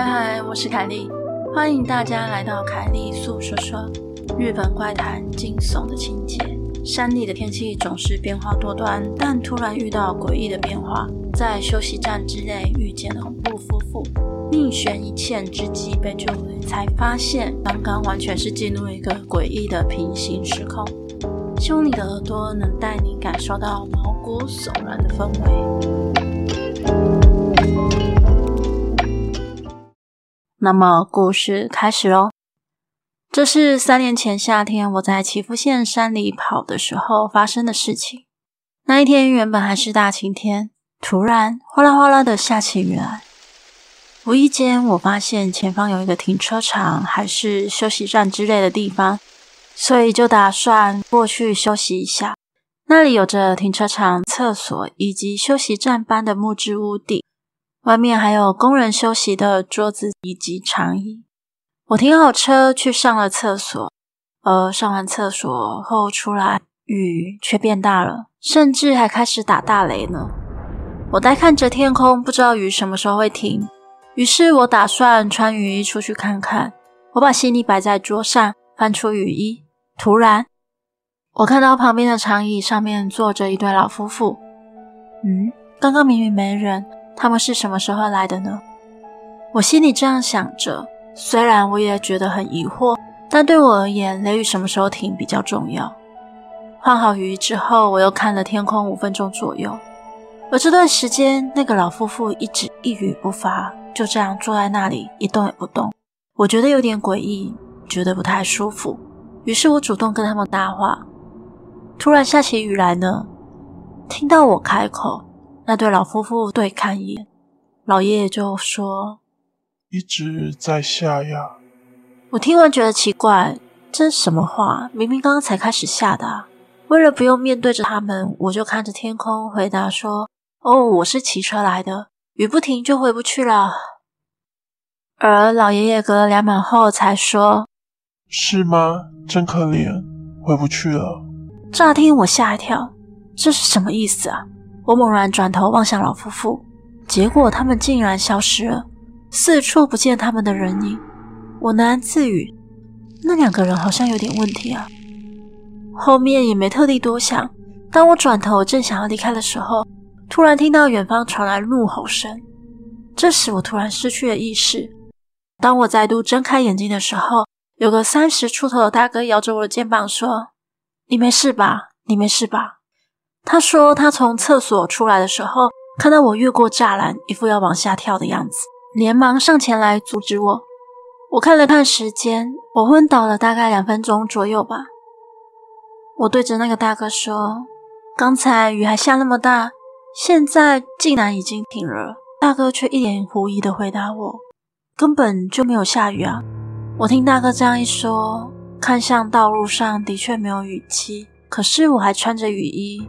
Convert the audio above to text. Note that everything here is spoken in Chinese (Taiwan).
嗨嗨，我是凱莉。歡迎大家來到凱莉粟說說日本怪談驚悚的情節。山裡的天氣總是變化多端，但突然遇到詭異的變化，在休息站之內遇見了恐怖夫婦，命懸一線之際被救回，才發現剛剛完全是進入一個詭異的平行時空。希望你的耳朵能帶你感受到毛骨悚然的氛圍。那麼故事開始嘍。這是三年前夏天，我在岐阜縣山裡跑的時候發生的事情。那一天原本還是大晴天，突然嘩啦嘩啦的下起雨來。無意間我發現前方有一個停車場，還是休息站之類的地方，所以就打算過去休息一下。那裡有着停車場、廁所以及休息站般的木質屋頂。外面還有工人休息的桌子以及長椅。我停好車去上了廁所，而上完廁所後出來，雨卻變大了，甚至還開始打大雷呢。我呆看着天空，不知道雨什麼時候會停。於是我打算穿雨衣出去看看。我把行李擺在桌上，翻出雨衣。突然，我看到旁邊的長椅上面坐着一對老夫婦。嗯，剛剛明明沒人。他們是什麼時候來的呢？我心裡這樣想着。雖然我也覺得很疑惑，但對我而言，雷雨什麼時候停比較重要。換好雨衣之後，我又看了天空五分鐘左右。而這段時間，那個老夫婦一直一語不發，就這樣坐在那裡一動也不動。我覺得有點詭異，覺得不太舒服。於是我主動跟他們搭話。突然下起雨來呢。聽到我開口。那對老夫婦對看一眼，老爺爺就說：“一直在下呀。”我聽完覺得奇怪，這是什麼話？明明剛剛才開始下的。為了不用面對着他們，我就看着天空回答說：“哦，我是騎車來的，雨不停就回不去了。”而老爺爺隔了兩秒後才說：“是嗎？真可憐，回不去了。”乍聽我嚇一跳，這是什麼意思啊？我猛然轉頭望向老夫婦，結果他們竟然消失了，四處不見他們的人影。我喃喃自語：“那兩個人好像有點問題啊。”後面也沒特地多想。當我轉頭正想要離開的時候，突然聽到遠方傳來怒吼聲。這時我突然失去了意識。當我再度睜開眼睛的時候，有個三十出頭的大哥搖着我的肩膀說：“你沒事吧？你沒事吧？”他說：“他從廁所出來的時候，看到我越過柵欄，一副要往下跳的樣子，連忙上前來阻止我。我看了看時間，我昏倒了大概兩分鐘左右吧。我對着那個大哥說：‘剛才雨還下那麼大，現在竟然已經停了。’大哥卻一臉狐疑地回答我：‘根本就沒有下雨啊。’我聽大哥這樣一說，看向道路上的確沒有雨季，可是我還穿着雨衣。”